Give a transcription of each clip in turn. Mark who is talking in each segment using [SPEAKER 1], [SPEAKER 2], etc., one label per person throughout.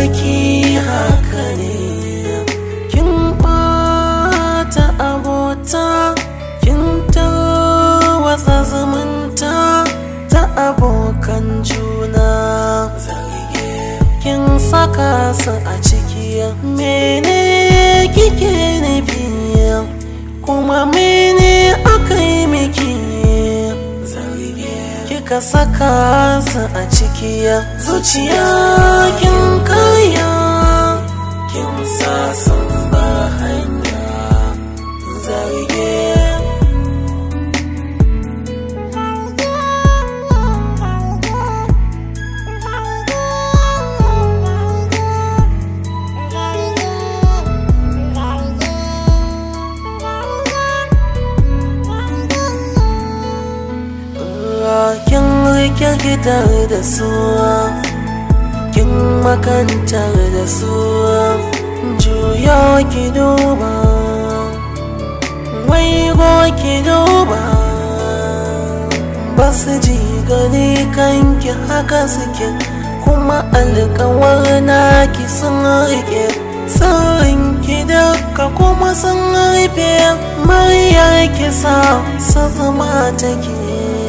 [SPEAKER 1] saki haka ne kin bata abota kin tawatsa zumunta ta abokan juna kin saka su a ciki mene kike nufi kuma me ka saka su a ciki zuciya kin kaya kin sa kin fitar da su kin makantar da su juya ki duba wai go ki duba ba su ji gani kanki haka suke kuma alkawar naki sun rike sun ki daka kuma sun rufe maryar kisa sa zama take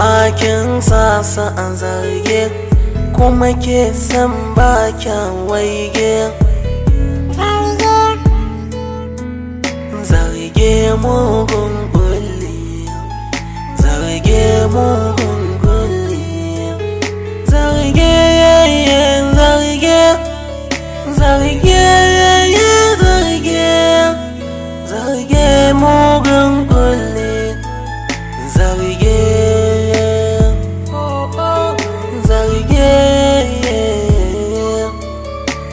[SPEAKER 1] amma kin sa sa an zarge kuma ke san ba kyan waige zarge mugun kulli zarge mugun kulli zarge yayyen zarge zarge yayyen zarge zarge mugun kulli zarge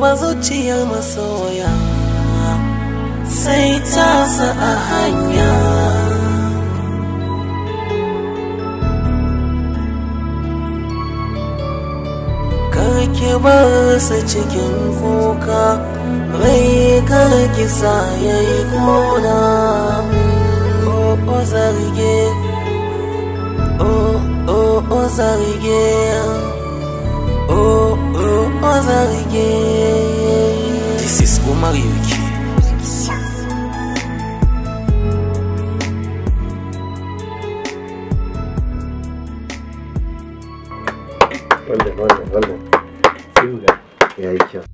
[SPEAKER 1] ba zuciyar masoya sai ta sa a hanya ki bar su cikin kuka rai karki sa ya yi kona o zarge o o zarge Vuelve, vuelve, vuelve.